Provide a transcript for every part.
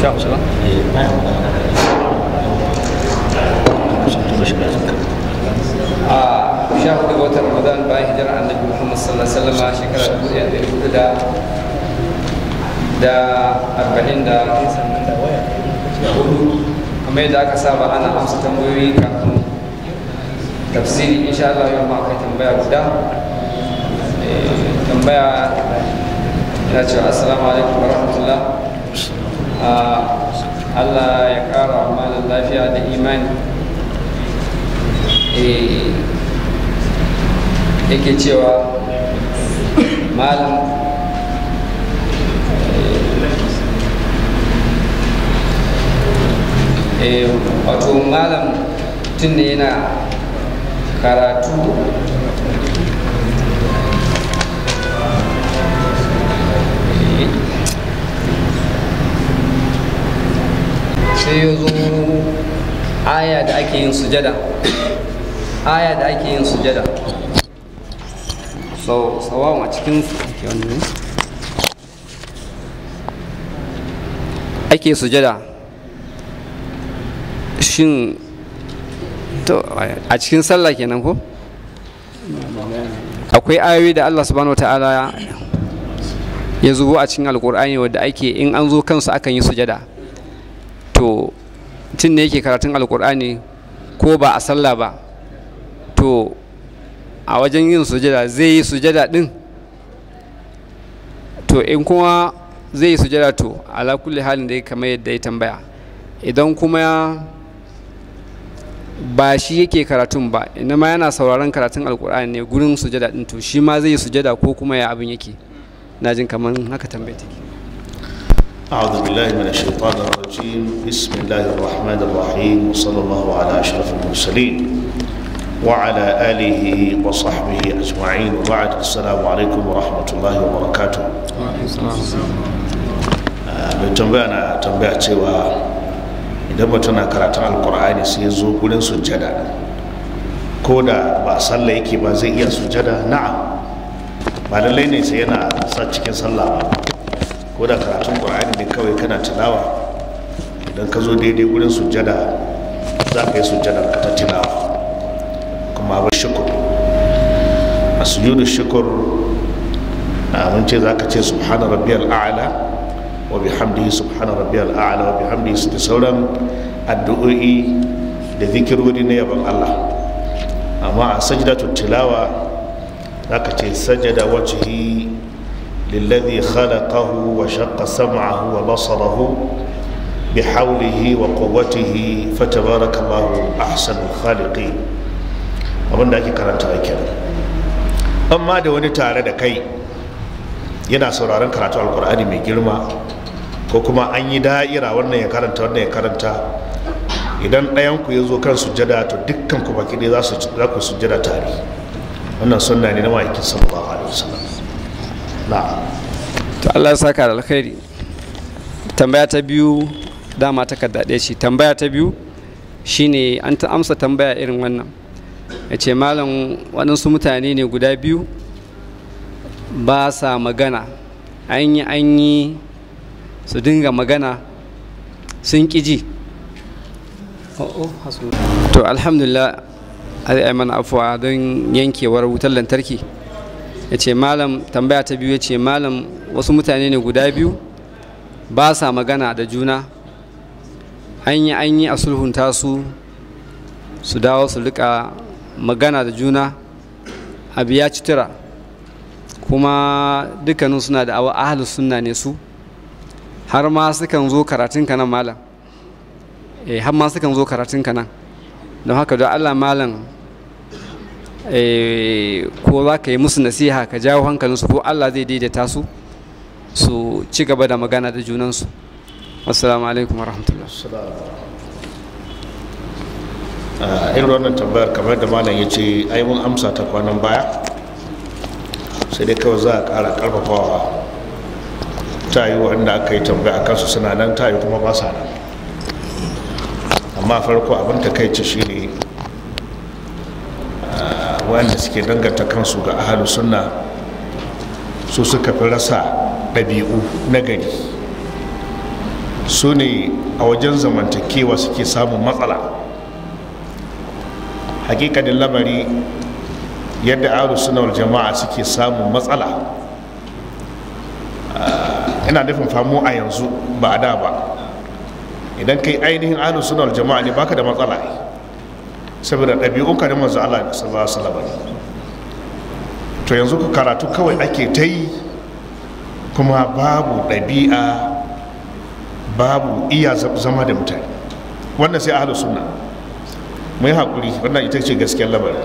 下午去了。a watan ramadan ba hijirar annabi muhammad sallallahu shekara da da yadda aka saba ana amsa tambayoyi kafin tafsiri insha Allah yau tambaya guda tambaya cewa assalamu alaikum warahmatullahi Allah ya kara malar lafiya da imani e, yake cewa malam e, wato malam tun ne yana karatu sai ya zo aya da ake yin sujada aya da ake yin sujada so sawawan a cikin ake ake sujada shin to a cikin sallah kenan ko akwai ayoyi da Allah subhanahu wataala ya zubo a cikin alkur'ani wadda ake in an zo kansu akan yi sujada to tun da yake karatun alkur'ani ko ba a sallah ba to a wajen yin sujada zai yi sujada din to in kuma zai yi sujada to ala halin da ya kama yadda ya tambaya idan kuma ba shi yake karatun ba ina ma yana sauraron karatun alkur'ani ne gurin sujada din to shi ma zai yi sujada ko kuma ya abin yake na jin kamar haka tambaya take أعوذ بالله من الشيطان الرجيم بسم الله الرحمن الرحيم وصلى الله على أشرف المرسلين وعلى آله وصحبه أجمعين وبعد السلام عليكم ورحمة الله وبركاته mai tambaya na tambaya cewa idan mutum na karatun alkur'ani sai ya zo gurin sujjada ko da ba sallah yake ba zai iya sujjada na'am ba yana sa cikin sallah ko da karatun ƙur'ani ne kawai kana tilawa idan ka zo daidai wurin sujjada za ka yi sujjadar ka ta tilawa kuma ba shukur a da shukur na mun ce za ka ce subhana rabiyar a'ala wa bihamdihi subhana rabiyar a'ala wa su ta sauran addu'o'i da zikirori na yabon Allah amma a sajdatu tilawa za ka ce sajada wajhi الذي خلقه وشق سمعه وبصره بحوله وقوته فتبارك الله أحسن الخالقين abin da ake karanta a kenan amma da wani tare da kai yana sauraron karatu alkur'ani mai girma ko kuma an yi da'ira wannan ya karanta wannan ya karanta idan ɗayan ku ya zo kan sujjada to dukkan ku baki ne za ku sujjada tare wannan sunna ne na ma'aikin sallallahu alaihi wasallam to Allah ya saka da alkhairi tambaya ta biyu dama takarda ɗaya ce tambaya ta biyu shine an ta amsa tambaya irin wannan ya ce malam waɗansu mutane ne guda biyu ba sa magana an yi an yi su dinga magana sun ƙiji oh, oh, to alhamdulillah ai mana afuwa don yankewar wutar lantarki ya ce malam tambaya ta biyu ya ce malam wasu mutane ne guda biyu ba sa magana da juna an yi an yi a sulhunta su su dawo su rika magana da juna abu ya ci tura kuma dukkanin suna da awa ahalus sunna ne su har ma sukan zo karatun nan malam eh har ma sukan zo karatun nan don haka don allah malam Eh, ko za ka yi musu nasiha ka jawo hankalinsu ko Allah zai daidaita su su ci gaba da magana da junansu assalamu alaikum warahmatullahi wabarakatuh eh, irin wannan tambayar kamar da malam ya ce ai mun amsa ta kwanan baya sai dai kawai za a ƙara karfafawa ta yi wanda aka yi tambaya a kansu suna nan ta yi kuma ba sa nan amma farko abin ta kai ce shi wanda suke danganta kansu ga ahalu sunna su suka fi rasa ɗabi'u na gari su ne a wajen zamantakewa suke samun matsala hakikanin lamari yadda ahalu sunna jama'a suke samun matsala ah, ina nufin famu a yanzu ba a da ba idan kai ainihin ahalu sunna jama'a ne baka da matsala saboda ɗabi'u ka da manzo Allah sallallahu alaihi wasallam to yanzu ku karatu kawai ake ta yi kuma babu ɗabi'a babu iya zama da mutane wannan sai ahlus sunna mu yi haƙuri wannan ita ce gaskiyar labarin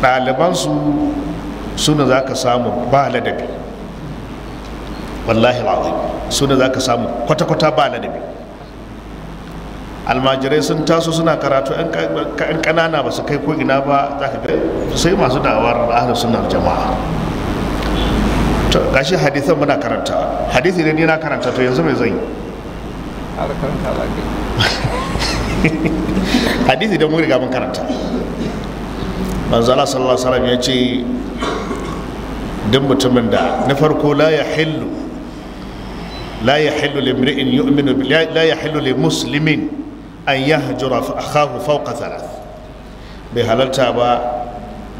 ɗalibansu suna za ka samu ba ladabi wallahi al'azim suna za ka samu kwata-kwata ba ladabi almajirai sun taso suna karatu yan kanana ba su kai ko ina ba za ka ga sai masu da'awar ahlus sunar jama'a to gashi hadithan muna karanta hadithi ne ni na karanta to yanzu mai zan yi hadisi da mun riga mun karanta manzo Allah sallallahu alaihi wasallam ya ce duk mutumin da na farko la ya hillu la ya hillu limri'in yu'minu la ya hillu limuslimin an yi hajjura akahu fauka bai halarta ba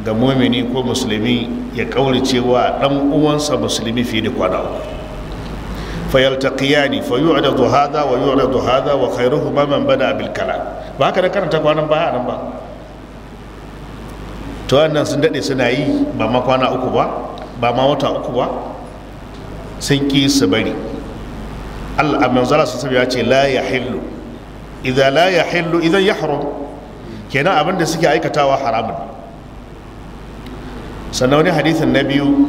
ga mumini ko musulmi ya kaurace cewa dan uwansa musulmi fiye da kwana uku fayaltaqiyani fa yu'radu hadha wa wa bada ba haka da karanta kwanan nan ba to wannan sun dade suna yi ba ma kwana uku ba ba ma wata uku ba sun ki su bari Allah manzala sabi ya ce la hillu idza la yahillu idan yahrum kenan abin da suke aikatawa haramun sannan wani hadithin na biyu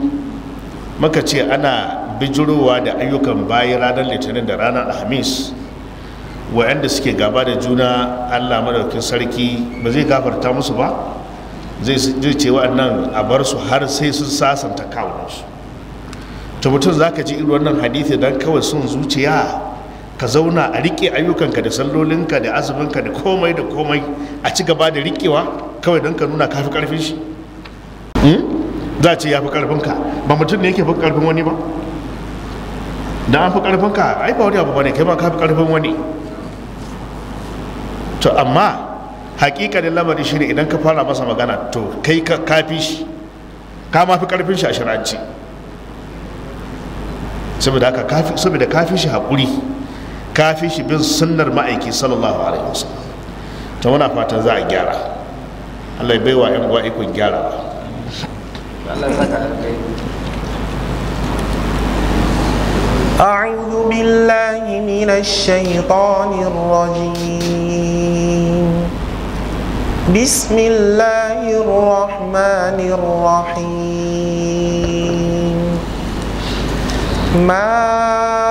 maka ce ana bijirowa da ayyukan bayi ranar litinin da ranar alhamis wa'anda suke gaba da juna allah madaukin sarki ba zai gafarta musu ba zai ce wa'annan a bar su har sai sun sasanta kawunansu ta mutum za ka ji irin wannan hadithi don kawai sun zuciya ka zauna a riƙe ayyukanka da sallolinka da azuminka da komai da komai a ci gaba da riƙewa kawai don ka nuna kafi ƙarfin shi hmm? za a ce ya fi ƙarfinka ba mutum ne yake fi ƙarfin wani ba da an fi ƙarfinka ai ba wani abu ba ne kai ba ka fi ƙarfin wani to amma haƙiƙanin lamari shi ne idan ka fara masa magana to kai ka kafi shi ka ma fi ƙarfin shi a shirance saboda kafi shi haƙuri kafi shi bin sunnar ma'aiki sallallahu alaihi wasallam ta muna fatan za a gyara allah bai wa yan uwa ikon gyara أعوذ بالله من الشيطان الرجيم بسم الله الرحمن الرحيم ما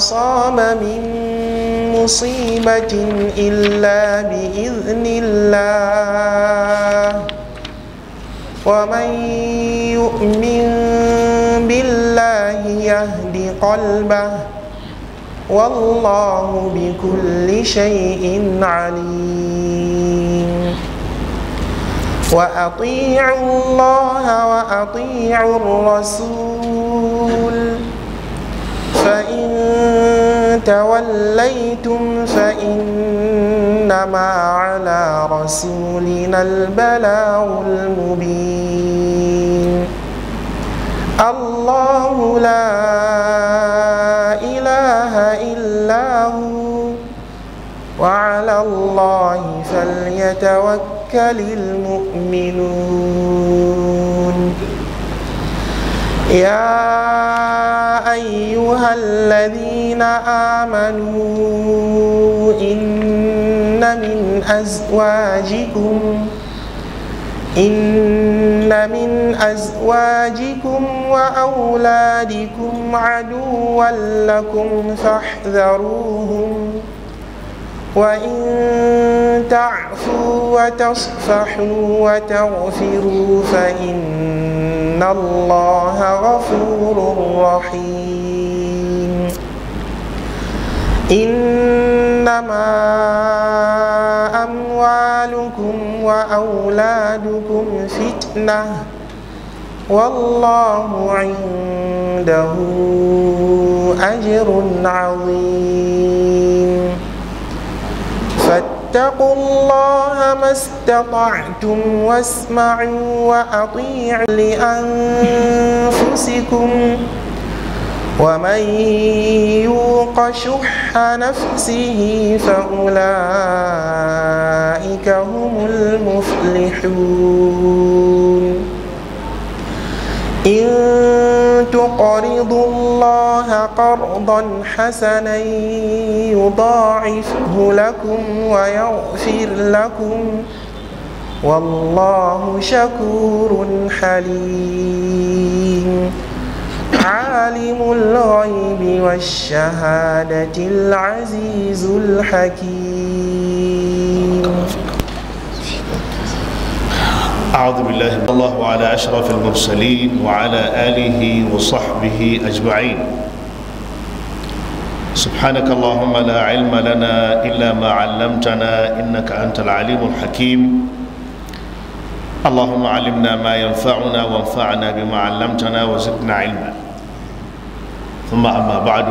أصاب من مصيبة إلا بإذن الله ومن يؤمن بالله يهد قلبه والله بكل شيء عليم وأطيعوا الله وأطيعوا الرسول فإن توليتم فإنما على رسولنا البلاغ المبين الله لا إله إلا هو وعلى الله فليتوكل المؤمنون يا أيها أيها الذين آمنوا إن من أزواجكم إن من أزواجكم وأولادكم عدوا لكم فاحذروهم وإن تعفوا وتصفحوا وتغفروا فإن الله غفور رحيم إنما أموالكم وأولادكم فتنة والله عنده أجر عظيم فاتقوا الله ما استطعتم واسمعوا وأطيعوا لأنفسكم ومن يوق شح نفسه فأولئك هم المفلحون إن تقرضوا الله قرضا حسنا يضاعفه لكم ويغفر لكم والله شكور حليم عالم الغيب والشهادة العزيز الحكيم أعوذ بالله من الله على أشرف المرسلين وعلى آله وصحبه أجمعين سبحانك اللهم لا علم لنا إلا ما علمتنا إنك أنت العليم الحكيم اللهم علمنا ما ينفعنا وانفعنا بما علمتنا وزدنا علما ثم أما بعد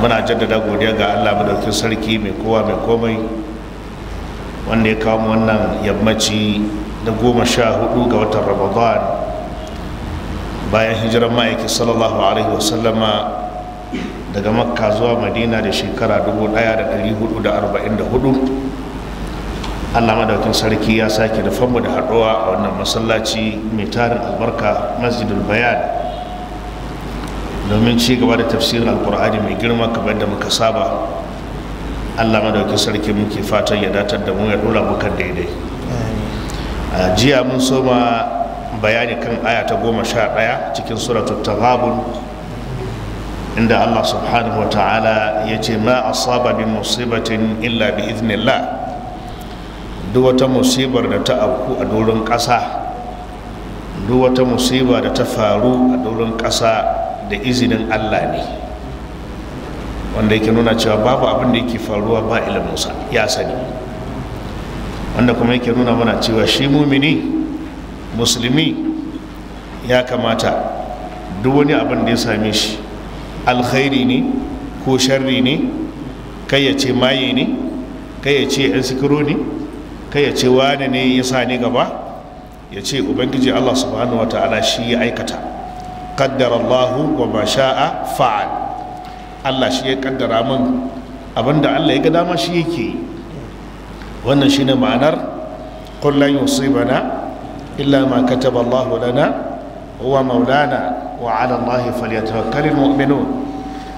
muna jaddada godiya ga allah madaukin sarki mai kowa mai komai wanda ya kawo wannan yammaci da goma sha hudu ga watan ramadan bayan hijirar ma'aiki sallallahu alaihi wasallama daga makka zuwa madina da shekara 1444 allah madaukin sarki ya sake da famu da haɗuwa a wannan masallaci mai tarin albarka masjidul bayan domin ci gaba da tafsirin alkur'ani mai girma kamar da muka saba allah madauki sarki muke fatan ya datar da mu ya dora muka daidai a jiya mun soma bayani kan aya ta goma sha ɗaya cikin suratul tababun, inda allah subhanahu wa ta'ala ya ce ma asaba bi musibatin illa bi iznillah duk wata musibar da ta auku a doron ƙasa duk wata musiba da ta faru a doron ƙasa da izinin Allah ne wanda yake nuna cewa babu abin da yake faruwa ba iliminsa ya sani wanda kuma yake nuna mana cewa shi mumini musulmi ya kamata duk wani abin da ya same shi alkhairi ne ko sharri ne kai ya ce maye ne kai ya ce yan sikiro ne kai ya ce wane ne ya sa ni gaba ya ce ubangiji allah subhanahu wa ta'ala shi ya aikata qaddara Allahu wa ma sha'a fa'al Allah shi ya kaddara min abinda Allah ya ga dama shi yake wannan ne ma'anar qul lan yusibana illa ma kataba Allah lana huwa maulana wa 'ala Allahi falyatawakkalul mu'minun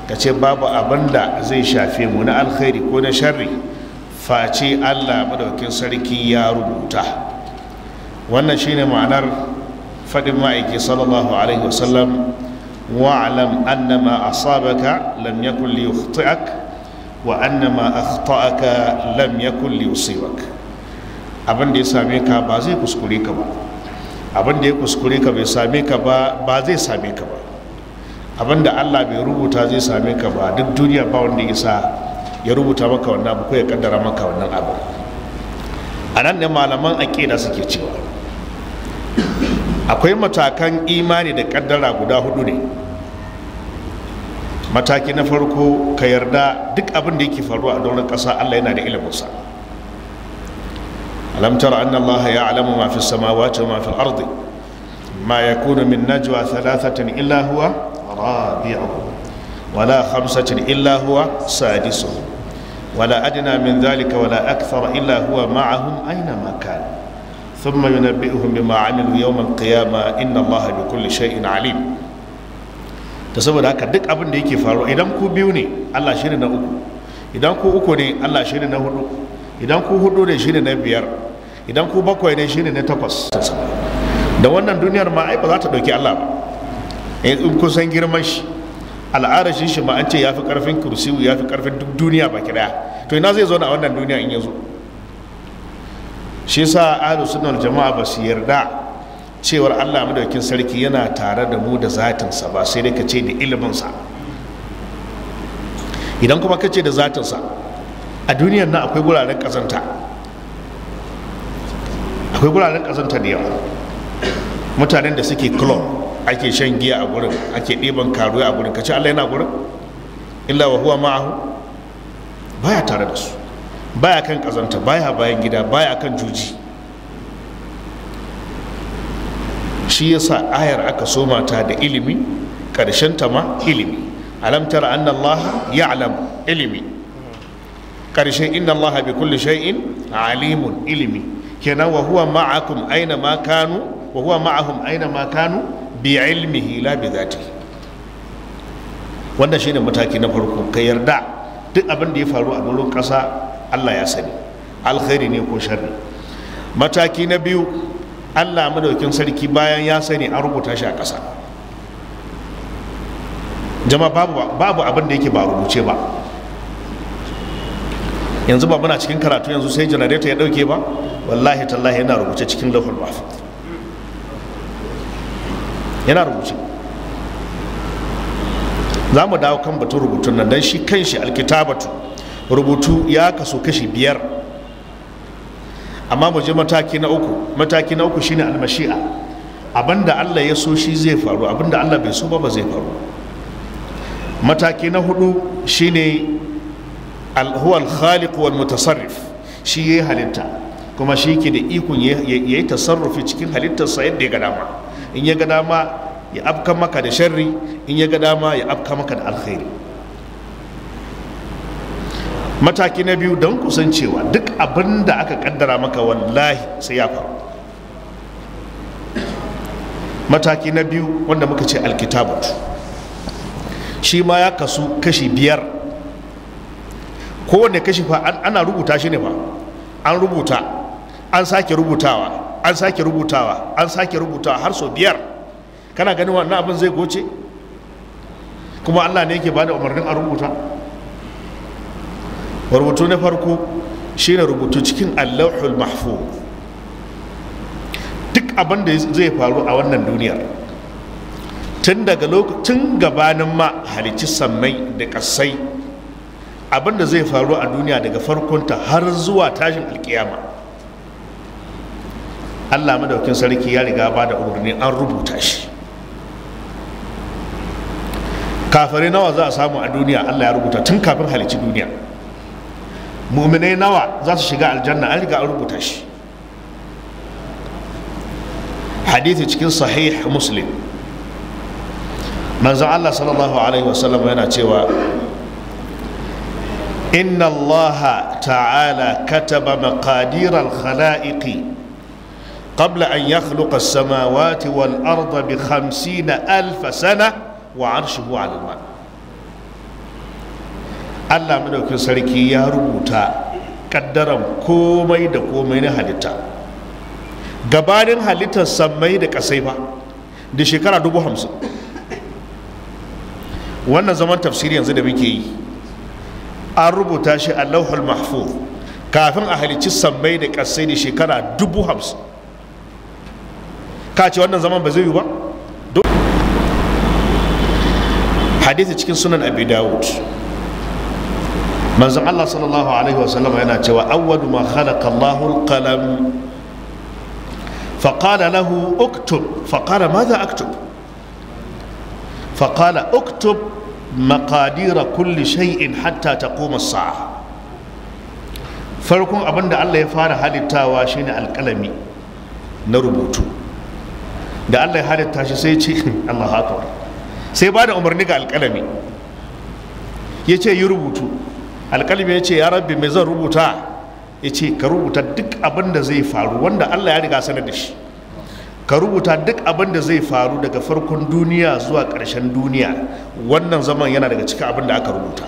kace babu abinda zai shafe mu na alkhairi ko na sharri face Allah madaukakin sarki ya rubuta wannan shine ma'anar faɗin ma'aiki sallallahu alaihi wasallam wa'alam annama asabaka lam yakun li yukhti'ak wa annama akhta'aka lam yakun li yusibak abin da ya same ka ba zai kuskure ka ba abin da ya kuskure ka bai same ka ba ba zai same ka ba abin da Allah bai rubuta zai same ka ba duk duniya ba wanda ya sa ya rubuta maka wannan abu ko ya kaddara maka wannan abin. a nan ne malaman aƙida suke cewa akwai matakan imani da kaddara guda hudu ne mataki na farko ka yarda duk abin da yake faruwa a doron ƙasa allah yana da iliminsa Alamtar tara ya alamu mafi fi samawati mafi ma fi ardi ma yakunu min najwa thalathatin illa huwa wala khamsatin illa huwa wala adna min dhalika wala akthara illa huwa ma'ahum aina ma kana ثم ينبئهم بما عملوا يوم القيامة إن الله بكل شيء عليم ta saboda duk abin da yake faru idan ku biyu ne Allah كو na uku idan ku uku ne Allah shine na hudu idan ku hudu ne shine na biyar idan ku bakwai ne na takwas da wannan duniyar ma ai ba za ta dauki Allah ba eh, in kun girman shi al'arashin shi ma an ce yafi karfin kursiyu yafi karfin duk duniya baki daya to ina zai zo na wannan duniya in ya shi sa ahlus sunnah jama'a ba su yarda cewar Allah madaukin sarki yana tare da mu da zatinsa ba sai dai ka ce da iliminsa idan kuma ka ce da zatinsa a duniyar nan akwai guraren kazanta akwai guraren kazanta da yawa mutanen da suke klon ake shan giya a gurin ake ɗiban karuwa a gurin ka ce Allah yana gurin illa wa huwa ma'ahu baya tare da su baya kan kazanta baya bayan gida baya kan juji shi yasa ayar aka soma ta da ilimi karshen ta ma ilimi Alamtar tara anna Allah ya'lam ilimi karshe inna Allah bi kulli shay'in alimun ilimi kenan wa huwa ma'akum aina ma kanu wa huwa ma'ahum aina ma kanu bi ilmihi la bi dhatihi wannan shine mataki na farko ka yarda duk abin da ya faru a gurin kasa. allah ya sani alkhairi ne ko sharri mataki na biyu allah madaukin sarki bayan ya sani an rubuta shi a ƙasa Jama'a babu abin da yake ba rubuce ba yanzu ba muna cikin karatu yanzu sai janareta ya dauke ba wallahi tallahi yana rubuce cikin lahul ba yana rubuce za mu dawo kan batun rubutun nan don shi kan shi alkitabatu rubutu ya kaso kashi biyar amma mu je mataki na uku mataki na uku shine almashi'a abinda Allah ya so shi zai faru abinda Allah bai so ba ba zai faru mataki na hudu shine huwa al wal mutasarrif shi yayi halitta kuma shi yake da ikon yayi tasarrufi cikin halittarsa yadda ya ga dama in ya ga dama ya afka maka da sharri in ya ga dama ya afka maka da alkhairi mataki na biyu don kusancewa duk abin da aka kaddara maka wallahi sai ya faru mataki na biyu wanda muka ce alkitabut shi ma ya kasu kashi biyar kowane kashi fa ana rubuta shi ne ba an rubuta an sake rubutawa an sake rubutawa an sake rubutawa har sau biyar kana ganin wannan abin zai goce kuma allah ne yake da umarnin a rubuta rubutu na farko shine rubutu cikin allahul mahfu duk abin da zai faru a wannan duniyar tun daga lokacin gabanin ma halicci sammai da kasai abin da zai faru a duniya daga farkonta har zuwa tashin alkiyama allah madaukin sarki ya riga ba da umarni an rubuta shi kafirai nawa za a samu a duniya allah ya rubuta tun kafin halicci duniya muminai nawa za su shiga aljanna an riga an rubuta shi hadithi cikin sahih muslim manzo Allah sallallahu alaihi wasallam yana cewa إن الله تعالى كتب مقادير الخلائق قبل أن يخلق السماوات والأرض بخمسين ألف سنة وعرشه على الماء allah madaukin sarki ya rubuta kaddaran komai da komai na halitta gabanin halittar sammai da kasai ba da shekara dubu hamsin wannan zaman tafsiri yanzu da muke yi an rubuta shi a lauhul mahfuz kafin a halicci sammai da kasai da shekara dubu hamsin ka ce wannan zaman ba zai yi ba hadithi cikin sunan abi dawud manzon Allah sallallahu alaihi wasallam yana cewa awwalu ma khalaqa Allahu al-qalam فقال له اكتب فقال ماذا اكتب فقال اكتب مقادير كل شيء حتى تقوم الساعه farkon abinda Allah ya fara halittawa shine alkalami na rubutu da Allah ya halitta shi sai ce Allah akbar sai ba da umarni ga alkalami ya ce yi rubutu alƙalmi ya ce ya rabbi me zan rubuta ya ce ka rubuta duk abin da zai faru wanda allah ya riga sanar da shi ka rubuta duk abin da zai faru daga farkon duniya zuwa ƙarshen duniya wannan zaman yana daga cikin abin da aka rubuta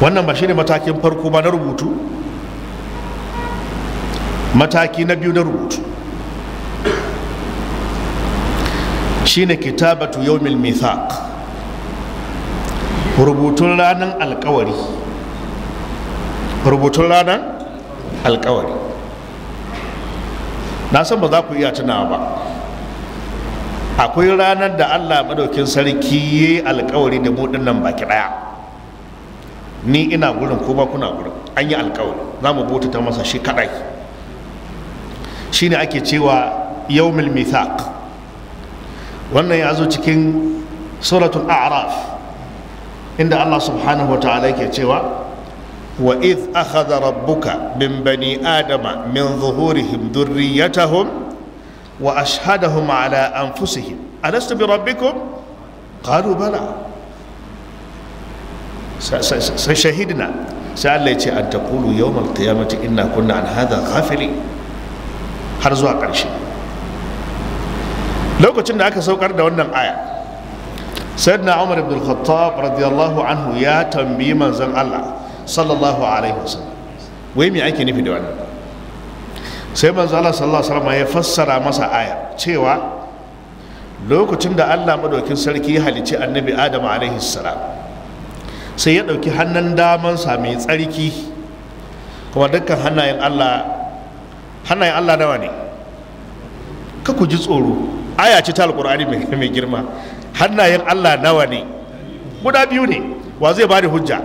wannan ba shine matakin farko ba na rubutu mataki na biyu na rubutu shine kitabatu yawmil mithaq rubutun ranar alkawari rubutun ranar alkawari na san ba za ku iya tunawa ba akwai ranar da allah maɗaukin sarki ya yi alkawari da mu nan baki ɗaya ni ina gurin ko ba kuna gurin an yi alkawari za mu bauta ta masa shi kaɗai shine ake cewa yau mithaq wannan ya zo cikin suratul a'raf inda Allah subhanahu wa ta'ala yake cewa wa iz akhadha rabbuka min bani adama min zuhurihim dhurriyyatahum wa ashhadahum ala anfusihim alastu bi rabbikum qalu bala sai shahidna sai Allah ya ce an taqulu yawmal qiyamati inna kunna an hadha ghafilin har zuwa ƙarshe lokacin da aka saukar da wannan aya sayyidina umar ibn al-khattab radiyallahu anhu ya tambayi manzon Allah sallallahu alaihi wasallam wai me ake nufi da wannan sai manzo Allah sallallahu alaihi wasallam ya fassara masa aya cewa lokacin da Allah madaukin sarki ya halicci annabi Adam alaihi salam sai ya dauki hannun damansa mai tsarki kuma dukkan hannayen Allah hannayen Allah nawa ne ka ku ji tsoro aya ce ta alqur'ani mai girma hannayen Allah nawa ne guda biyu ne wa zai bada hujja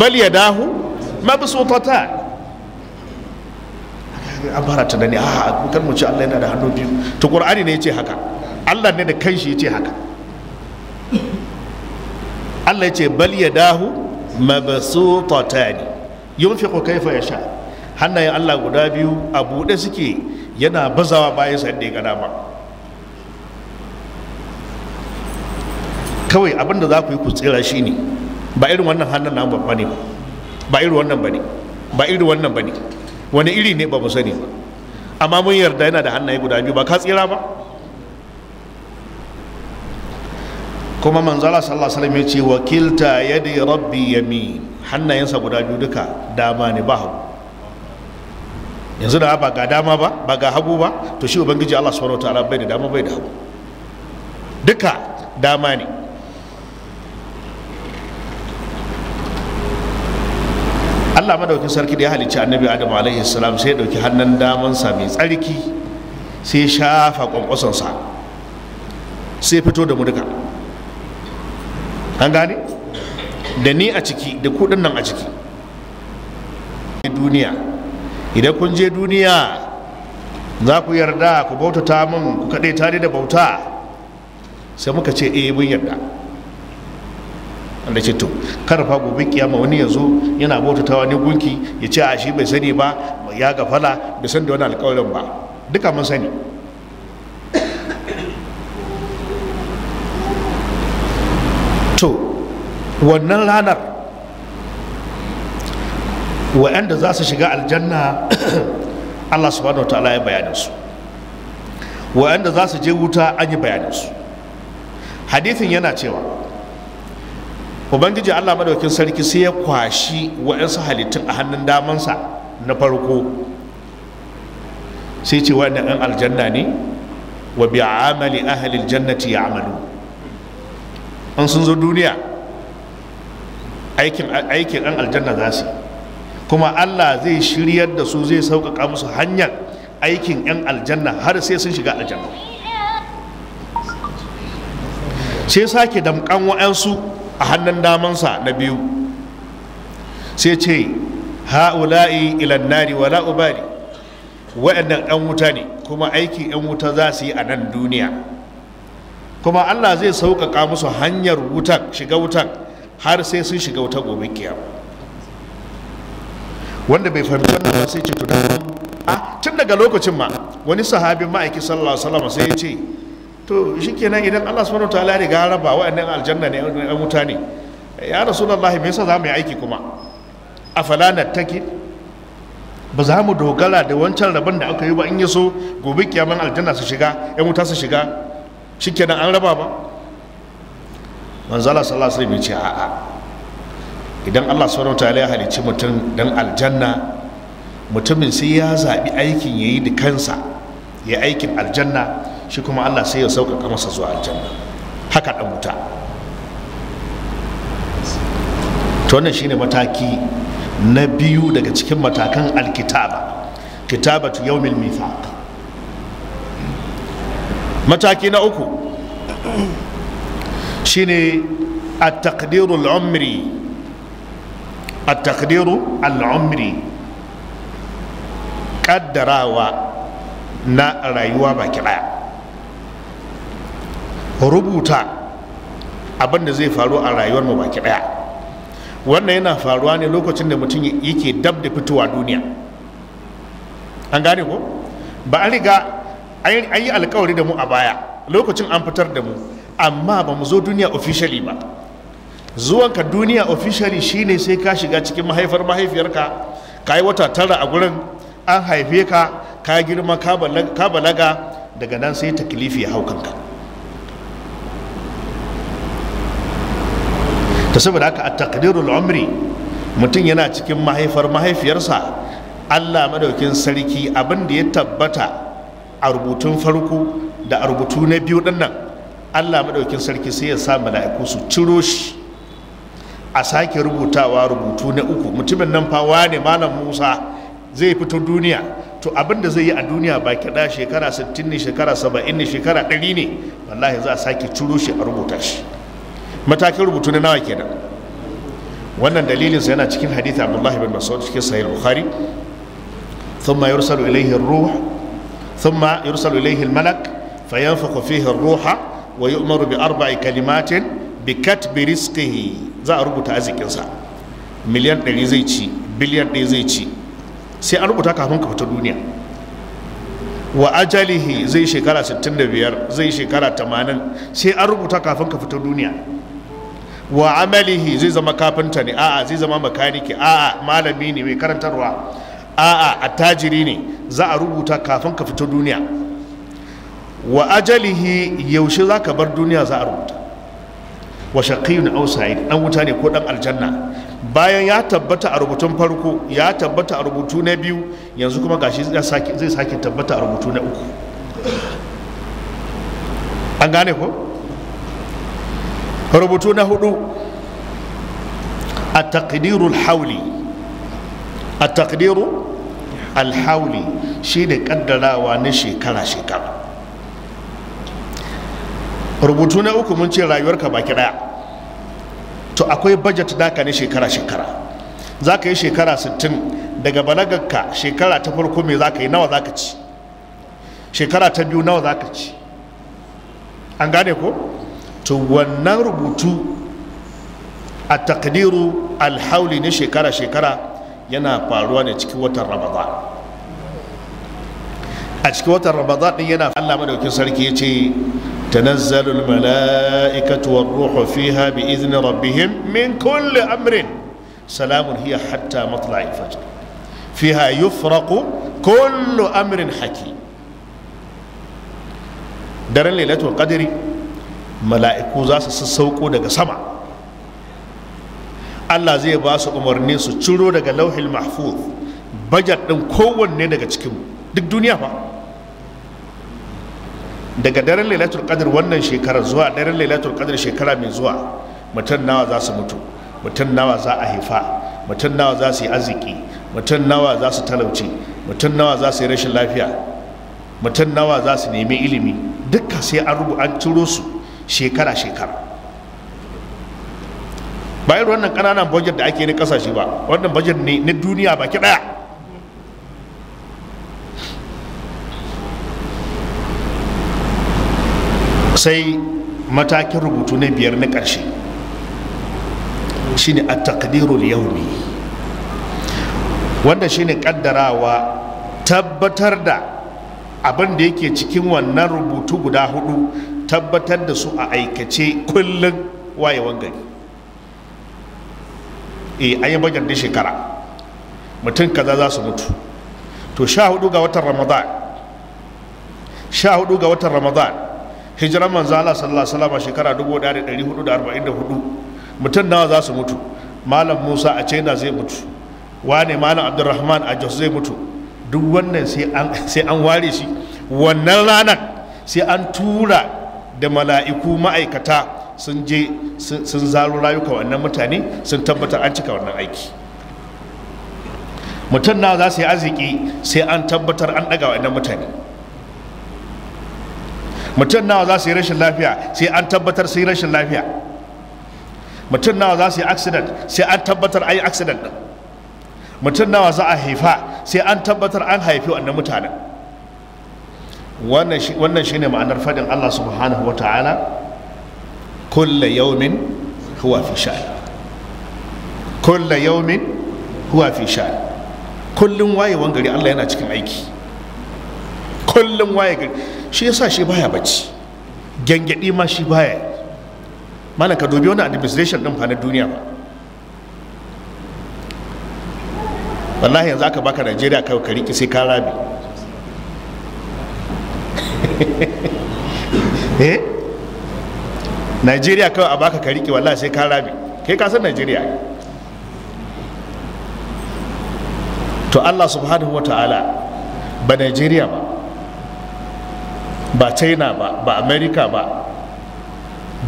bal ya dahu mabsutata an fara tunani a kan mu ci Allah yana da hannu biyu to qur'ani ne yace haka Allah ne da kanshi yace haka Allah yace bal ya dahu mabsutatani yunfiqu kayfa yasha hannayen Allah guda biyu a buɗe suke yana bazawa bayan sa da ya ga ba kawai abin da za ku yi ku tsira shi ne ba irin wannan hannun na ba ne ba ba irin wannan ba ne ba irin wannan ba ne wani iri ne ba mu sani ba amma mun yarda yana da hannaye guda biyu ba ka tsira ba kuma manzala sallallahu alaihi wasallam ya ce wakilta yadi rabbi yamin hannayensa guda biyu duka dama ne ba hagu yanzu da ba ga dama ba ba ga hagu ba to shi ubangiji Allah subhanahu wataala bai da dama bai da hagu duka dama ne Allah madaukin sarki da ya halicci annabi Adam alaihi salam sai ya dauki hannun damansa mai tsarki sai ya shafa kwankwasonsa sai fito da mu duka an gane da ni a ciki da ku nan a ciki duniya idan kun je duniya za ku yarda ku bautata min ku kaɗai tare da bauta sai muka ce eh mun yarda da ce to kar fa gobe kiyama wani ya zo yana bautatawa wani gunki ya ce a shi bai sani ba ya gafala bai san da wani alkawarin ba duka mun sani to wannan ranar wa'anda za su shiga aljanna Allah subhanahu wa ta'ala ya bayanin su wa'anda za su je wuta an yi bayanin su hadithin yana cewa ubangiji allah madaukin sarki sai ya kwashi wa'yansu halittun a hannun damansa na farko sai ce wannan ɗan aljanna ne wa bi amali ahalil jannati ya amalu in sun zo duniya aikin ɗan aljanna za su kuma allah zai shiryar da su zai sauƙaƙa musu hanyar aikin 'yan aljanna har sai sun shiga aljanna sai sake damƙan wa'ansu. a hannun damansa na biyu sai ce ha'ula'i ilan nari wala ubali wa'annan ɗan wuta ne kuma aiki ɗan wuta za su yi a nan duniya kuma allah zai sauƙaƙa musu hanyar wutan shiga wutan har sai sun shiga wuta gobe kiyama wanda bai fahimci wannan ba sai ce tunan tun daga lokacin ma wani sahabin ma'aiki sallallahu alaihi wasallam sai ya ce to shikenan idan Allah subhanahu ta'ala ya riga raba waɗannan aljanna ne an wuta ne ya rasulullahi me yasa za mu yi aiki kuma A ta ke ba za mu dogara da wancan rabon da aka yi ba in yi so gobe kiyaman aljanna su shiga yan wuta su shiga shikenan an raba ba manzala sallallahu alaihi wasallam ya ce a'a idan Allah subhanahu ta'ala ya halicci mutum dan aljanna mutumin sai ya zaɓi aikin ya yi da kansa ya aikin aljanna shi kuma Allah sai ya sauƙaƙa masa zuwa aljanna haka ɗan wuta to wannan shine mataki na biyu daga cikin matakan alkitaba kitabatu yawmil mithaq mataki na uku shine at-taqdirul umri at-taqdiru al-umri kaddarawa na rayuwa baki daya rubuta abinda zai faru a rayuwar mu baki daya wannan yana faruwa ne lokacin da mutum yake dab da fitowa duniya an gane ko ba a riga an yi alkawari da mu a baya lokacin an fitar da mu amma ba mu zo duniya officially ba zuwanka duniya officially shine sai ka shiga cikin mahaifar mahaifiyarka ka yi wata tara a gurin an haife ka ka girma ka balaga daga nan sai taklifi ya haukanka. ta saboda haka a takdirul umri mutum yana cikin mahaifar mahaifiyarsa allah madaukin sarki abin da ya tabbata a rubutun farko da a rubutu na biyu dinnan allah madaukin sarki sai ya sa mala'iku su ciro shi a sake rubutawa rubutu na uku mutumin nan fawa ne malam musa zai fito duniya to abin da zai yi a duniya ba kiɗa shekara 60 ne shekara 70 ne shekara 100 ne wallahi za a sake ciro shi a rubuta shi matakin rubutu na nawa kenan wannan dalilinsa yana cikin hadith abdullahi bin mas'ud cikin sahih bukhari thumma yursalu ilayhi ar-ruh thumma yursalu ilayhi al-malak fayanfakhu fihi ar-ruha wa yu'maru bi arba'i kalimatin bi katbi rizqihi za a rubuta arzikinsa miliyan 100 zai ci biliyan 1 zai ci sai an rubuta kafin ka fita duniya wa ajalihi zai shekara 65 zai shekara 80 sai an rubuta kafin ka fita duniya wa amalihi zai zama kafinta ne a'a zai zama makaniki a'a malami ne mai karantarwa a'a attajiri ne za a rubuta kafin ka fito duniya wa ajalihi yaushe za ka bar duniya za a rubuta wa shaqiyun aw sa'id dan wuta ne ko dan aljanna bayan ya tabbata a rubutun farko ya tabbata a rubutu na biyu yanzu kuma gashi zai sake tabbata a rubutu na uku an gane ko rubutu na hudu a takdirul hauli a takdiru alhauli shi ne kaddarawa na shekara-shekara rubutu na uku mun ce rayuwarka baki daya to akwai budget daka ne shekara-shekara za ka yi shekara 60 daga balagarka shekara ta farko mai za ka yi nawa za ka ci shekara ta biyu nawa za ka ci an gane ko? to wannan rubutu a takdiru alhauli na shekara-shekara yana faruwa ne cikin watan ramadan a cikin watan ramadan din yana Allah madaukin sarki ya ce tanazzalul mala'ikatu war ruhu fiha bi izni rabbihim min kulli amrin salamun hiya hatta matla'il fajr fiha yufraqu kullu amrin haki daren lailatul qadri mala'iku za su sassauko daga sama allah zai ba su umarni su ciro daga lauhil mahfuz bajet ɗin kowanne daga cikinmu duk duniya ba. daga daren lailatul qadr wannan shekara zuwa daren lailatul qadr shekara mai zuwa mutum nawa za su mutu mutum nawa za a haifa mutum nawa za su yi arziki mutum nawa za su talauci mutum nawa za su yi rashin lafiya mutum nawa za su nemi ilimi duka sai an rubu an ciro su shekara-shekara bayan wannan ƙananan budget da ake na kasashe ba wannan budget ne na duniya baki ɗaya sai matakin rubutu na biyar na ƙarshe shine a yaumi wanda shine kaddarawa tabbatar da abin da yake cikin wannan rubutu guda hudu tabbatar da su a aikace kullum wayewan gari e an yi bajar da shekara mutum kaza za su mutu to sha hudu ga watan ramadan sha hudu ga watan ramadan hijiran manzo Allah sallallahu alaihi wasallam shekara 1444 mutum nawa za su mutu malam Musa a China zai mutu wane malam Abdulrahman a Jos zai mutu duk wannan sai an ware shi wannan ranar sai an tura da mala'iku ma'aikata sun je sun zaro rayuka wannan mutane sun tabbatar an cika wannan aiki mutum na za su yi arziki sai an tabbatar an ɗaga wannan mutane mutum nawa za su yi rashin lafiya sai an tabbatar su yi rashin lafiya mutum nawa za su yi accident sai an tabbatar an yi accident mutum nawa za a haifa sai an tabbatar an haifi wannan mutanen wannan shine ma'anar fadin Allah subhanahu wata'ala kulla yaumin huwa fi sha'an kulla yaumin huwa fi sha'an kullun wayewan gari Allah yana cikin aiki kullun waye gari shi yasa shi baya bacci gyangyadi ma shi baya mana ka dubi wani administration din fa na duniya ba wallahi yanzu aka baka Najeriya kai ka riki sai ka rabi eh Najeriya kawai a baka ka rike wallahi sai ka rabi kai ka san Najeriya to Allah subhanahu wa ta'ala ba Najeriya ba ba China ba ba America ba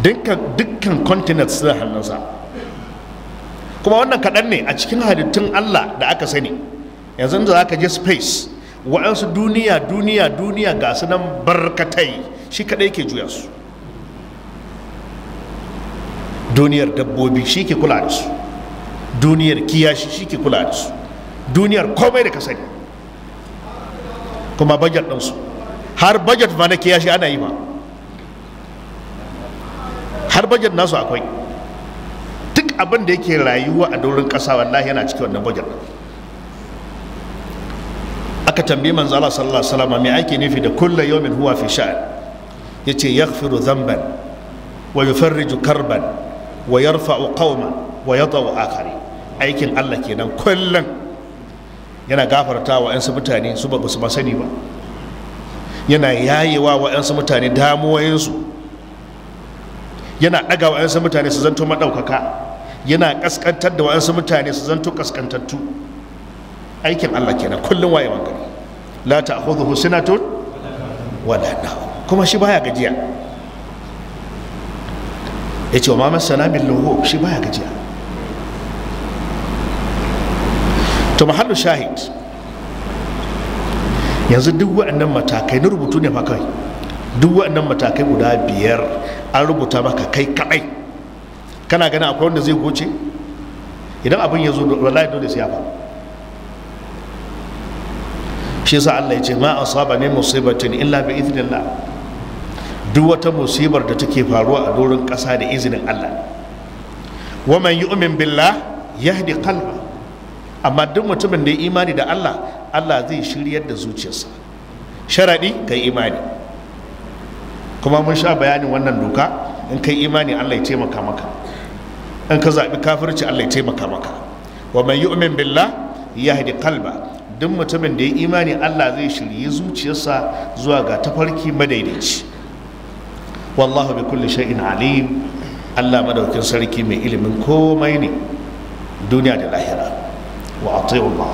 dukkan continent suna hannunsa kuma wannan kaɗan ne a cikin halittun Allah da aka sani yanzu da za ka je space wa'ansu duniya duniya duniya ga su nan barkatai shi kadai ke juya su duniyar dabbobi shi ke kula da su duniyar kiyashi shi ke kula da su duniyar komai da ka sani kuma bajet su, har bajet ma na kiyashi ana yi ma har bajet nasu akwai duk abin da yake rayuwa a doron ƙasa wallahi yana cikin wannan bajet aka tambayi manzo Allah sallallahu alaihi wasallam me ake nufi da kullu yawmin huwa fi sha'n yace yaghfiru dhanban wa yufarriju karban wa yarfa'u qauman wa yadau akhari aikin Allah kenan kullun yana gafarta wa ƴansu mutane su ba su sani ba yana yayewa wa ƴansu mutane damuwayensu yana ɗaga wa ƴansu mutane su zanto maɗaukaka yana ƙasƙantar da wa ƴansu mutane su zanto ƙasƙantattu aikin Allah kenan kullum wayewan gari la ta'khudhuhu sinatun wala na kuma shi baya gajiya ce wa ma masana min lughub shi baya gajiya to mahallu shahid yanzu duk waɗannan matakai na rubutu ne fa kai duk waɗannan matakai guda biyar an rubuta maka kai kaɗai kana gani akwai wanda zai goce idan abin ya zo wallahi dole sai ya faru shi yasa Allah ya ce ma asaba min musibatin illa bi idnillah duk wata musibar da take faruwa a doron ƙasa da izinin Allah wa man yu'min billah yahdi qalba amma duk mutumin da ya imani da Allah Allah zai shiryar da zuciyarsa sharadi kai imani kuma mun sha bayanin wannan doka in kai imani Allah ya taimaka maka in ka zaɓi kafirci Allah ya taimaka maka wa man yu'min billah yahdi qalba duk mutumin da ya imani Allah zai shirye zuciyarsa zuwa ga tafarki madaidaici wallahu bi kulli shay'in alim Allah madaukin sarki mai ilimin komai ne duniya da lahira wa ati'u Allah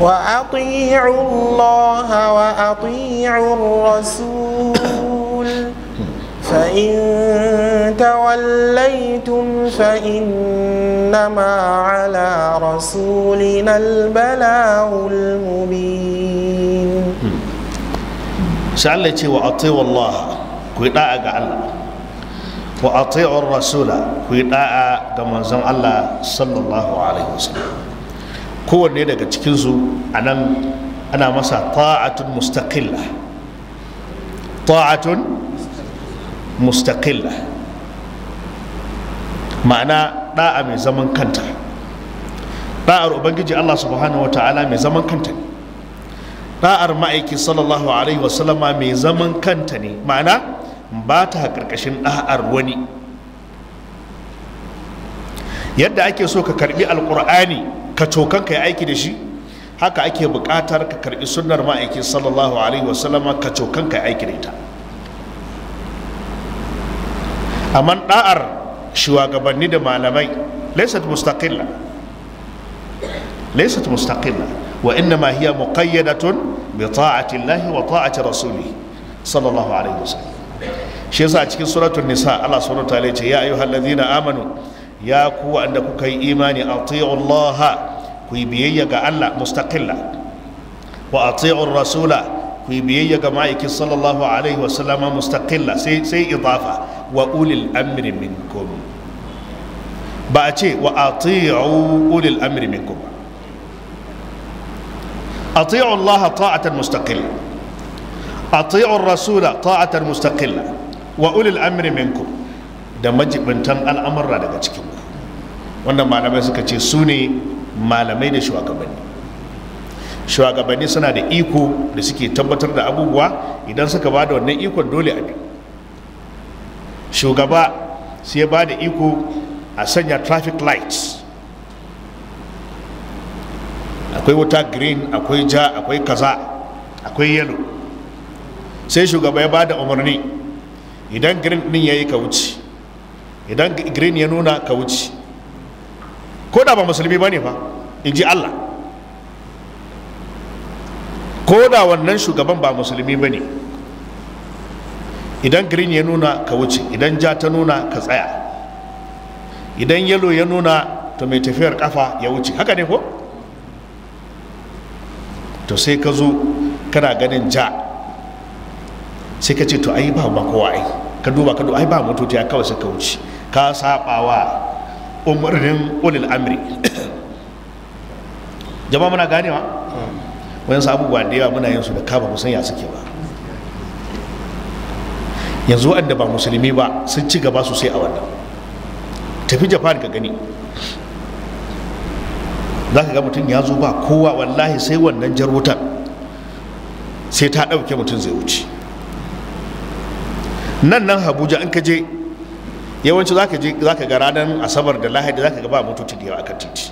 wa ati'u Allah wa ati'u rasul فإن توليتم فإنما على رسولنا البلاغ المبين سألتي وأطيع الله كداء الله وأطيع الرسول كداء كما زم الله صلى الله عليه وسلم kowanne daga cikinsu a nan ana masa ta'atun mustaqilla ta'atun mustaqilla ma'ana ɗa'a mai zaman kanta Ɗa'ar ubangiji Allah subhanahu ta'ala mai zaman kanta ne Ɗa'ar ma'aiki sallallahu alaihi wasallama mai zaman kanta ne ma'ana ba ta karkashin ɗa'ar wani yadda ake so ka karɓi alƙur'ani ka cokan ka yi aiki da shi haka ake buƙatar ka karbi sunnar ma'aiki sallallahu alaihi wasallama ka cokan ka yi aiki da ita amma da'ar shugabanni da malamai laysat mustaqilla laysat mustaqilla wa innama hiya muqayyadatun bi ta'ati Allah wa ta'ati rasulih sallallahu alaihi wasallam shi yasa a cikin suratul nisa Allah subhanahu wa ta'ala ya ce ya ayyuhallazina amanu ya ku wanda kuka yi imani ati'u Allah ku yi biyayya ga Allah mustaqilla wa ati'u rasula ku yi biyayya ga ma'aikin sallallahu alaihi wasallam mustaqilla sai sai idafa wa ulil amri minkum ba a ce wa ati'u ulil amri minkum ati'u Allah ta'atan mustaqilla ati'u rasula ta'atan mustaqilla wa ulil amri minkum da majibintan al'amurra daga cikin ku wannan malamai suka ce su ne malamai da shugabanni shugabanni suna da iko da suke tabbatar da abubuwa idan suka ba da wannan ikon dole a biyu shugaba sai ba da iko a sanya traffic lights akwai wuta green akwai ja akwai kaza akwai yellow sai shugaba ya ba da umarni idan green din ya yi ka wuce idan green ya nuna ka wuce ko da ba musulmi ba ne ba in ji allah ko da wannan shugaban ba musulmi ba ne idan green ya nuna ka wuce idan ja ta nuna ka tsaya idan yellow ya nuna to mai tafiyar kafa ya wuce haka ne ko to sai ka zo kana ganin ja sai ka ce to ai ba ma kowa ai ka duba ka duba ai ba motoci ya kawai suka wuce ka saba wa umarnin ulil amri jama'a muna ganewa hmm. wani sabu da yawa muna yin su da kama musan ya suke ba yanzu waɗanda ba musulmi ba sun ci gaba sosai a wannan tafi japan ka gani za ka ga mutum ya zo ba kowa wallahi sai wannan jar wutan sai ta ɗauke mutum zai wuce nan nan habuja in ka je yawanci za ka ga ranar asabar da lahadi za ka ga ba motoci da yawa kan titi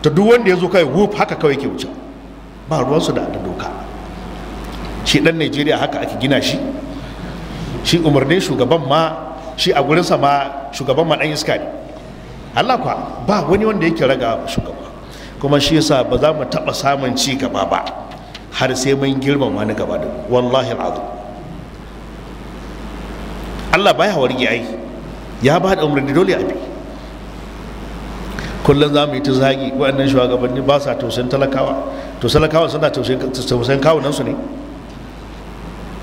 ta duk wanda ya zo kai wuf haka kawai ke wuce ba ruwansu da doka shi ɗan najeriya haka ake gina shi shi umarnin shugaban ma shi a gurinsa ma shugaban ma ɗan iska ne Allah kuwa ba wani wanda yake raga shugaba kuma shi yasa ba za mu taɓa samun ci gaba ba har sai mun girmama na gaba da wallahi al'adu Allah baya warge ai ya ba da umarni dole a bi kullum za mu yi ta zagi waɗannan shugabanni ba sa tausayin talakawa Tausayin talakawa suna tausayin kawunansu ne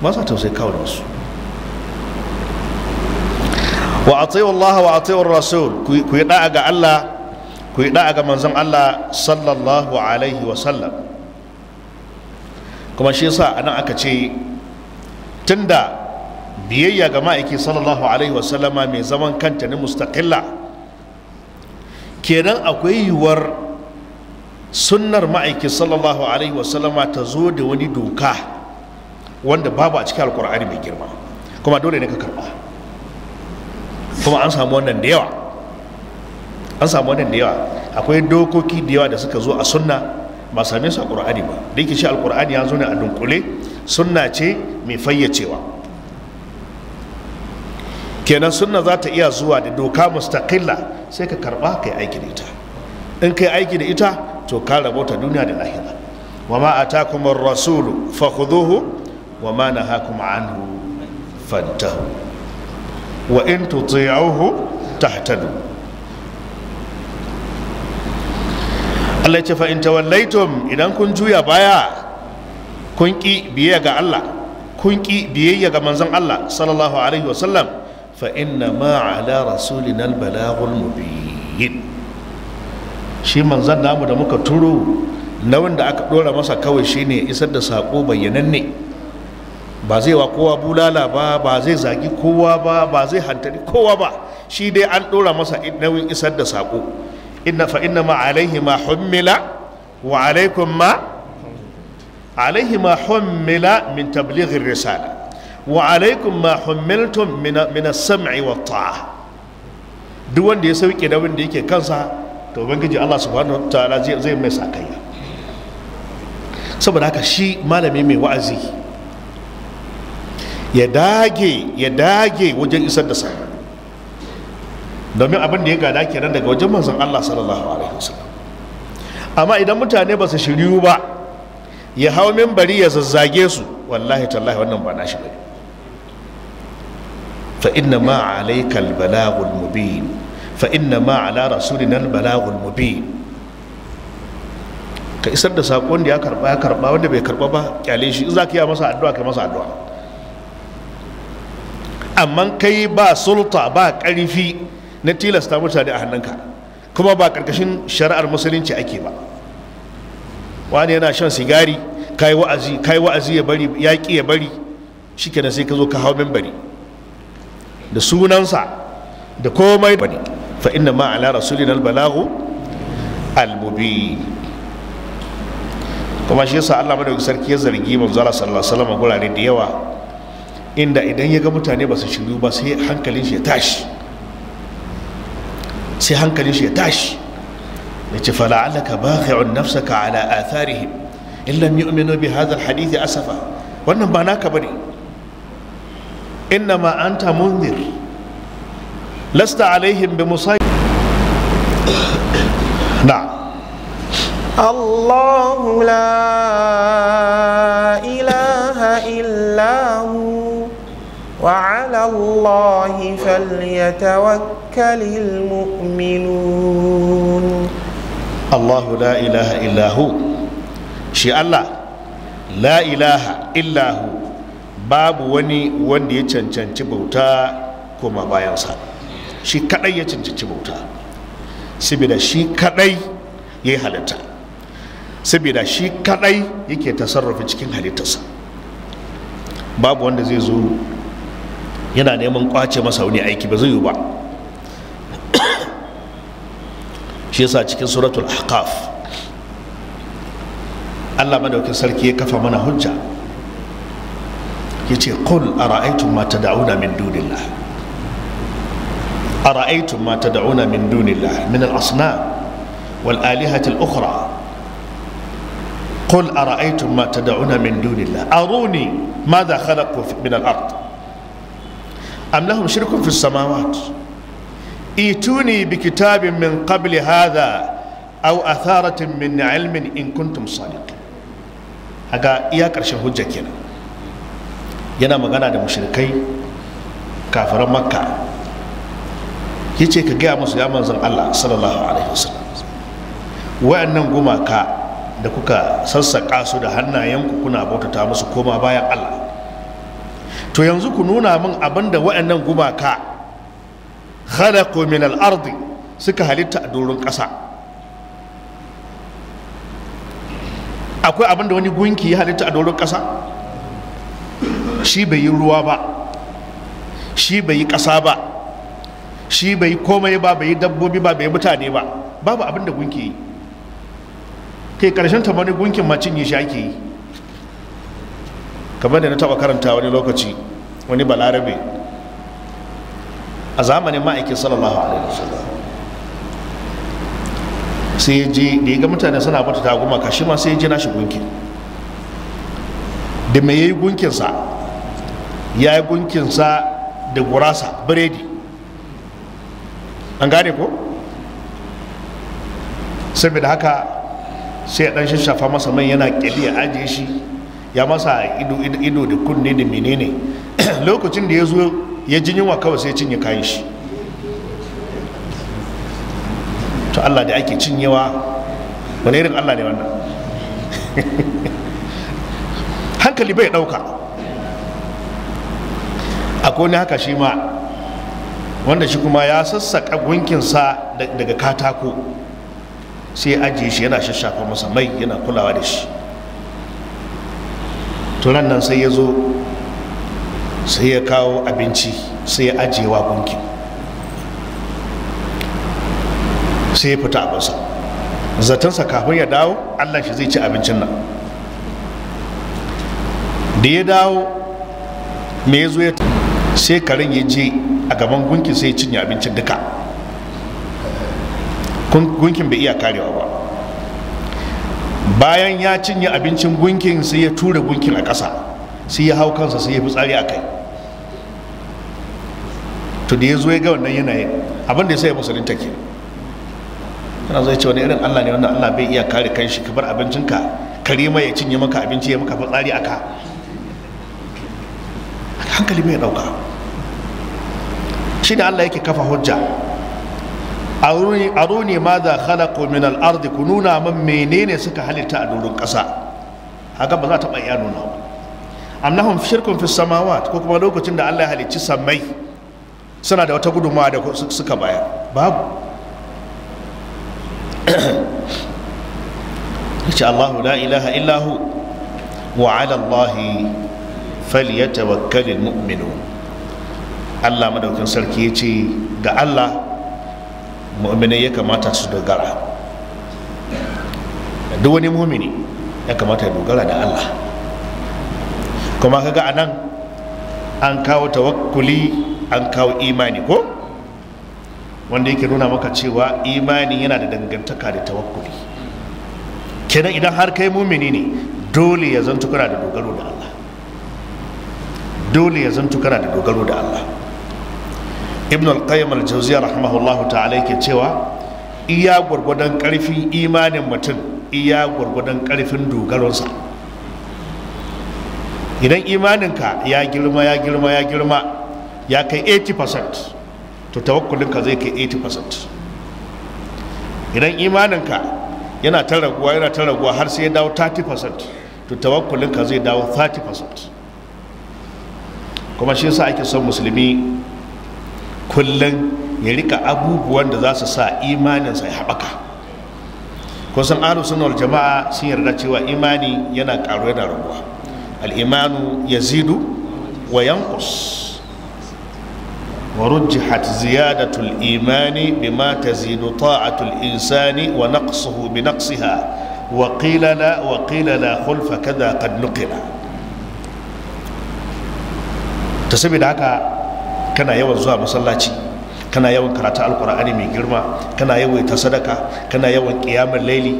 ba sa tausayin kawunansu wa atiyu Allah wa atiyu Rasul ku yi da'a ga Allah ku yi da'a ga manzon Allah sallallahu alaihi wa sallam kuma shi yasa anan aka ce tunda biyayya ga ma'aiki sallallahu alaihi wa sallama mai zaman kanta ne mustaqilla kenan akwai yiwuwar sunnar ma'aiki sallallahu alaihi wa sallama ta zo da wani doka wanda babu a cikin alkur'ani mai girma kuma dole ne ka karba kuma an samu wannan da yawa an samu wannan da yawa akwai dokoki da yawa da suka zo a sunna ba same su a qur'ani ba da yake shi alqur'ani ya zo ne a dunkule sunna ce mai fayyacewa kenan sunna za ta iya zuwa da doka mustaqilla sai ka karba kai aiki da ita in kai aiki da ita to ka rabota duniya da lahira wa ma atakum ar-rasulu fakhudhuhu wa ma nahakum anhu fantahu wa in tuti'uhu tahtadu Allah ce fa in tawallaitum idan kun juya baya kun ki biyayya ga Allah kun ki biyayya ga manzon Allah sallallahu alaihi wasallam fa inna ma ala rasulina al-balaghul mubin shi manzon namu da muka turo na wanda aka dora masa kawai shine isar da sako bayyananne ne ba zai wa kowa bulala ba ba zai zagi kowa ba ba zai hantari kowa ba shi dai an dora masa nauyin isar da sako inna fa inna ma alaihi ma hummila wa alaikum ma alaihi ma hummila min tablighir risala wa alaikum ma hummiltum min min as-sam'i wa ta'a duk wanda ya sauke da wanda yake kansa to ubangiji Allah subhanahu wa ta'ala zai mai sakayya saboda haka shi malami mai wa'azi ya dage ya dage wajen isar da sako domin abin da ya gada kenan daga wajen manzon Allah sallallahu alaihi wasallam amma idan mutane ba su shiryu ba ya hau minbari ya zazzage su wallahi tallahi wannan ba nashi bane fa inna ma alayka al-balaghul mubin fa inna ma ala rasulina al-balaghul mubin ka isar da sakon da ya karba ya karba wanda bai karba ba kyale shi in za ka yi masa addu'a kai masa addu'a amma kai ba sulta ba ƙarfi na tilasta mutane a hannunka kuma ba ƙarƙashin shari'ar musulunci ake ba wani yana shan sigari kai wa'azi kai wa'azi ya bari yaƙi ya bari shikenan sai ka zo ka hau bari da sunansa da komai bari fa inna ma ala rasulina albalaghu almubin kuma shi yasa Allah madaukakin sarki ya zargi manzo Allah sallallahu alaihi wasallam gurare da yawa inda idan ya ga mutane ba su shiryu ba sai hankalin shi ya tashi sai hankalin shi ya tashi ya ce fala'alaka bakhi'un nafsaka ala atharihim in lam yu'minu bi hadha alhadith asafa wannan ba naka bane innama anta munzir lasta alaihim bi على الله فليتوكل المؤمنون الله لا إله إلا هو شي الله لا إله إلا هو babu wani wanda ya cancanci bauta kuma bayansa shi kadai ya cancanci bauta sabida shi kadai ya yi halitta shi kadai yake tasarrufi cikin halittarsa babu wanda zai zo yana neman kwace masa wani aiki ba zai yi ba shi yasa cikin suratul ahqaf Allah madaukin sarki ya kafa mana hujja yace qul ara'aytum ma tad'una min dunillah ara'aytum ma tad'una min dunillah min al-asnam wal alihati al-ukhra قل أرأيتم ما تدعون من دون الله أروني ماذا خلقوا من الأرض am lahum shirkun fi samawat ituni bi kitabin min qabli hadha aw atharatin min ilmin in kuntum haga iya karshen hujja kenan yana magana da mushrikai kafiran makka yace ka gaya musu ya manzon Allah sallallahu alaihi wasallam wa'annan gumaka da kuka sassaka su da hannayenku kuna bautata musu koma bayan Allah to yanzu ku nuna min abin da waɗannan gumaka khalaqu min al ard suka halitta a doron ƙasa akwai abin da wani gunki ya halitta a doron ƙasa shi bai yi ruwa ba shi bai yi ƙasa ba shi bai yi komai ba bai yi dabbobi ba bai yi mutane ba babu abin da gunki yi kai ƙarshen ta wani gunkin macin yi shi ake yi kamar da na taba karanta wani lokaci wani balarabe a zamanin ma'aikin sallallahu alaihi wasallam sai ya je da ya ga mutane suna bata ta gumaka shi ma sai ya je shi gunkin. da me yi gunkinsa ya yi gunkinsa da gurasa biredi an gane ko saboda haka sai ya dan shafa masa mai yana kyali ya ajiye shi ya masa ido ido da kunne da menene lokacin da ya zo ya ji yunwa kawai sai cinye kayan shi to Allah da ake cinyewa wani irin Allah ne wannan hankali bai dauka akwai wani haka shi ma wanda shi kuma ya sassaƙa gunkinsa daga katako sai ajiye shi yana shashafa masa mai yana kulawa da shi turan nan sai ya zo sai ya kawo abinci sai ya ajiye wa gunki sai ya fita abinsa zatansa kafin ya dawo allah shi zai ci abincin nan da ya dawo mai ya zo ya sai karen ya je a gaban gunki sai ya cinye abincin duka gunkin bai iya karewa ba bayan ya cinye abincin gunkin sai ya tura gunkin a ƙasa sai ya hau kansa sai ya fi tsari a kai to da ya zo ya ga wannan yanayin abin da ya sai musulun ke yana zai ce wani irin allah ne wanda allah bai iya kare kan shi kamar abincinka kare mai ya cinye maka abinci ya maka fi tsari a ka hankali mai ɗauka shi da allah yake kafa hujja aruni ma za khalaqu min al-ard ku nuna min menene suka halitta a durin ƙasa haka ba za ta iya nuna ba annahum shirkun fi samawat ko kuma lokacin da Allah ya halicci sammai suna da wata gudunmawa da suka bayar babu insha Allah la ilaha illa hu wa ala Allah falyatawakkalul mu'minun Allah madaukin sarki yace ga Allah mu'minai ya kamata su dogara duk wani mumini ya kamata ya dogara da Allah kuma kaga nan an kawo tawakkuli an kawo imani ko wanda yake nuna maka cewa imani yana da dangantaka da tawakkuli kenan idan har kai mumini ne dole ya zantu kana da dogaro da Allah dole ya zantu kana da dogaro da Allah ibn al-qayyim al-jawziya rahimahullahu ta'ala yake cewa iya gurgudan karfin imanin mutum iya gurgudan karfin dogaronsa idan imaninka ya girma ya girma ya girma ya kai 80% to tawakkulinka zai kai 80% idan imaninka yana ta raguwa yana ta raguwa har sai ya dawo 30% to tawakkulinka zai dawo 30% kuma shi yasa ake son musulmi kullum ya rika abubuwan da za su sa imaninsa ya haɓaka kusan ahlu sunnah jama'a sun yarda cewa imani yana ƙaru yana raguwa al-imanu yazidu wa yanqus wa rujjihat ziyadatu imani bima tazidu ta'atu insani wa naqsuhu bi naqsiha wa qila la wa qila la khulfa kadha qad nuqila saboda haka kana yawan zuwa masallaci kana yawan karatu alkur'ani mai girma kana ta sadaka kana yawan kiyamar laili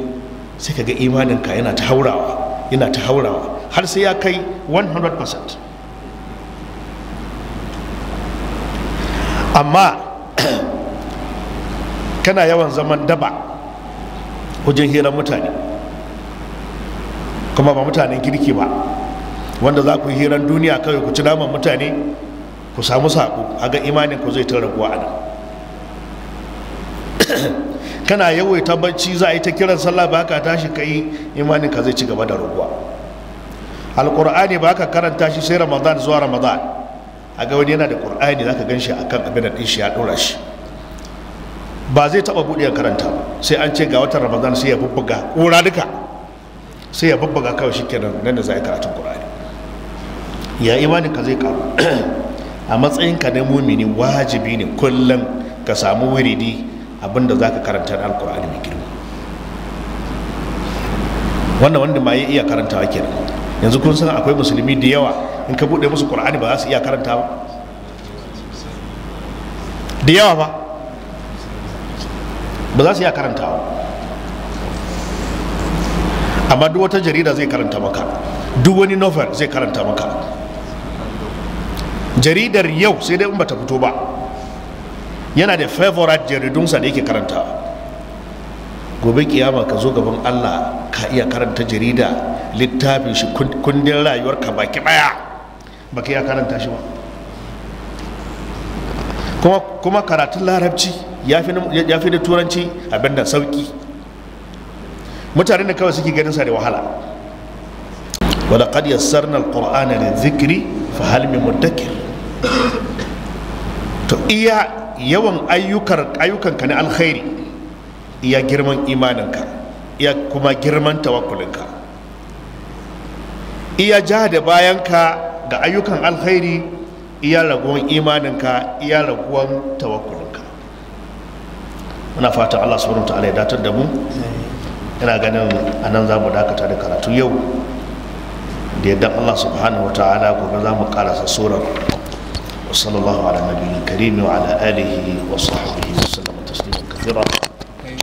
sai ka ga imaninka yana ta haurawa yana ta haurawa har sai ya kai 100% amma kana yawan zaman daba wajen hirar mutane kuma ba mutanen girki ba wanda za ku hirar duniya kawai ku ci naman mutane ku samu saƙo a ga imanin ku zai ta raguwa a nan kana yawaita bacci za a yi ta kiran sallah ba ka tashi ka yi imanin ka zai ci gaba da raguwa alƙur'ani ba ka karanta shi sai ramadan zuwa ramadan a ga wani yana da ƙur'ani za ka gan shi a kan abin da ɗinshi ya ɗora shi ba zai taɓa buɗe ya karanta ba sai an ce ga watan ramadan sai ya bubbuga ƙura duka sai ya bubbuga kawai shi kenan nan da za a yi karatun ƙur'ani ya imanin ka zai ƙaru a matsayinka na mumini wajibi ne kullum ka samu wuridi abinda za ka karanta na alkur'ani mai girma wannan wanda ma ya iya karantawa kenan yanzu kun san akwai musulmi da yawa in ka buɗe musu ƙur'ani ba za su iya karanta ba da yawa ba ba za su iya karanta ba amma duk wata jarida zai karanta maka duk wani novel zai karanta maka jaridar yau sai dai bata fito ba yana da favorite jaridunsa da yake karanta gobe kiyama ka zo gaban allah ka iya karanta jarida littafin shi kundin ka baki ba ka iya karanta shi ba kuma karatun larabci ya fi da turanci abin da sauki mutane da kawai suke ganin sa da wahala wadda kad yassarna da zikiri, fa hal min to iya yawan ayyukan ka na alkhairi iya girman imaninka iya kuma girman tawakkulinka iya ja da bayanka ga ayyukan alkhairi iya raguwan imaninka iya raguwan tawakkulinka muna fata allah subhanahu ta'ala ya datar da mu ina ganin anan za mu dakata da karatu yau da yadda allah subhanahu wa ta'ala gobe za mu karasa surar وصلى الله على النبي الكريم وعلى آله وصحبه وسلم تسليما كثيرا